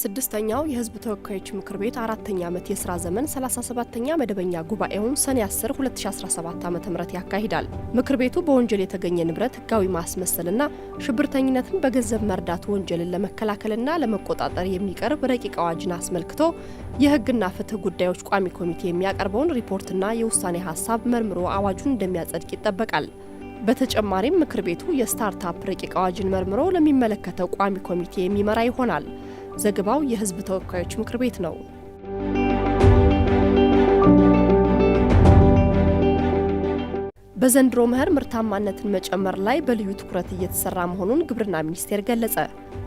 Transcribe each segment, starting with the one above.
ስድስተኛው የህዝብ ተወካዮች ምክር ቤት አራተኛ ዓመት የስራ ዘመን 37ኛ መደበኛ ጉባኤውን ሰኔ 10 2017 ዓ ም ያካሂዳል። ምክር ቤቱ በወንጀል የተገኘ ንብረት ህጋዊ ማስመሰልና ሽብርተኝነትን በገንዘብ መርዳት ወንጀልን ለመከላከልና ለመቆጣጠር የሚቀርብ ረቂቅ አዋጅን አስመልክቶ የህግና ፍትህ ጉዳዮች ቋሚ ኮሚቴ የሚያቀርበውን ሪፖርትና የውሳኔ ሀሳብ መርምሮ አዋጁን እንደሚያጸድቅ ይጠበቃል። በተጨማሪም ምክር ቤቱ የስታርታፕ ረቂቅ አዋጅን መርምሮ ለሚመለከተው ቋሚ ኮሚቴ የሚመራ ይሆናል። ዘገባው የህዝብ ተወካዮች ምክር ቤት ነው። በዘንድሮ መኸር ምርታማነትን መጨመር ላይ በልዩ ትኩረት እየተሰራ መሆኑን ግብርና ሚኒስቴር ገለጸ።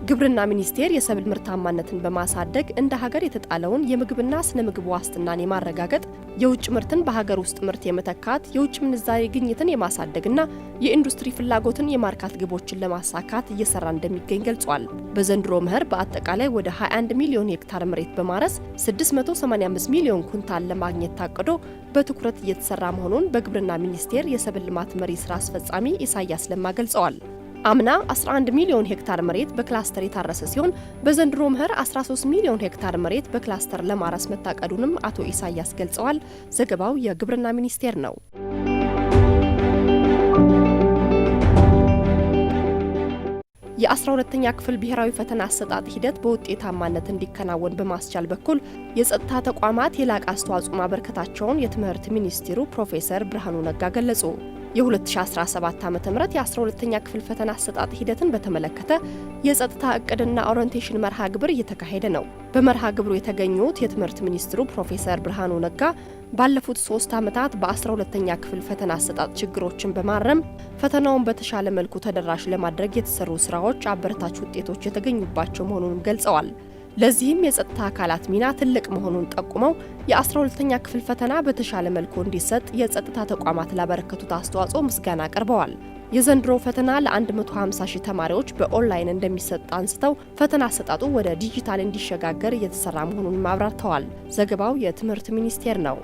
ግብርና ሚኒስቴር የሰብል ምርታማነትን በማሳደግ እንደ ሀገር የተጣለውን የምግብና ስነ ምግብ ዋስትናን የማረጋገጥ የውጭ ምርትን በሀገር ውስጥ ምርት የመተካት የውጭ ምንዛሬ ግኝትን የማሳደግና የኢንዱስትሪ ፍላጎትን የማርካት ግቦችን ለማሳካት እየሰራ እንደሚገኝ ገልጿል። በዘንድሮ ምህር በአጠቃላይ ወደ 21 ሚሊዮን ሄክታር መሬት በማረስ 685 ሚሊዮን ኩንታል ለማግኘት ታቅዶ በትኩረት እየተሰራ መሆኑን በግብርና ሚኒስቴር የሰብል ልማት መሪ ስራ አስፈጻሚ ኢሳያስ ለማ ገልጸዋል። አምና 11 ሚሊዮን ሄክታር መሬት በክላስተር የታረሰ ሲሆን በዘንድሮ ምህር 13 ሚሊዮን ሄክታር መሬት በክላስተር ለማረስ መታቀዱንም አቶ ኢሳያስ ገልጸዋል። ዘገባው የግብርና ሚኒስቴር ነው። የ12ተኛ ክፍል ብሔራዊ ፈተና አሰጣጥ ሂደት በውጤታማነት እንዲከናወን በማስቻል በኩል የጸጥታ ተቋማት የላቀ አስተዋጽኦ ማበርከታቸውን የትምህርት ሚኒስትሩ ፕሮፌሰር ብርሃኑ ነጋ ገለጹ። የ2017 .ም የ12ኛ ክፍል ፈተና አሰጣጥ ሂደትን በተመለከተ የጸጥታ እቅድና ኦሪንቴሽን መርሃ ግብር እየተካሄደ ነው። በመርሃ ግብሩ የተገኙት የትምህርት ሚኒስትሩ ፕሮፌሰር ብርሃኑ ነጋ ባለፉት ሶስት ዓመታት በ12ኛ ክፍል ፈተና አሰጣጥ ችግሮችን በማረም ፈተናውን በተሻለ መልኩ ተደራሽ ለማድረግ የተሰሩ ስራዎች አበረታች ውጤቶች የተገኙባቸው መሆኑንም ገልጸዋል። ለዚህም የጸጥታ አካላት ሚና ትልቅ መሆኑን ጠቁመው የ12ተኛ ክፍል ፈተና በተሻለ መልኩ እንዲሰጥ የጸጥታ ተቋማት ላበረከቱት አስተዋጽኦ ምስጋና አቅርበዋል። የዘንድሮ ፈተና ለ150 ሺህ ተማሪዎች በኦንላይን እንደሚሰጥ አንስተው ፈተና አሰጣጡ ወደ ዲጂታል እንዲሸጋገር እየተሰራ መሆኑን አብራርተዋል። ዘገባው የትምህርት ሚኒስቴር ነው።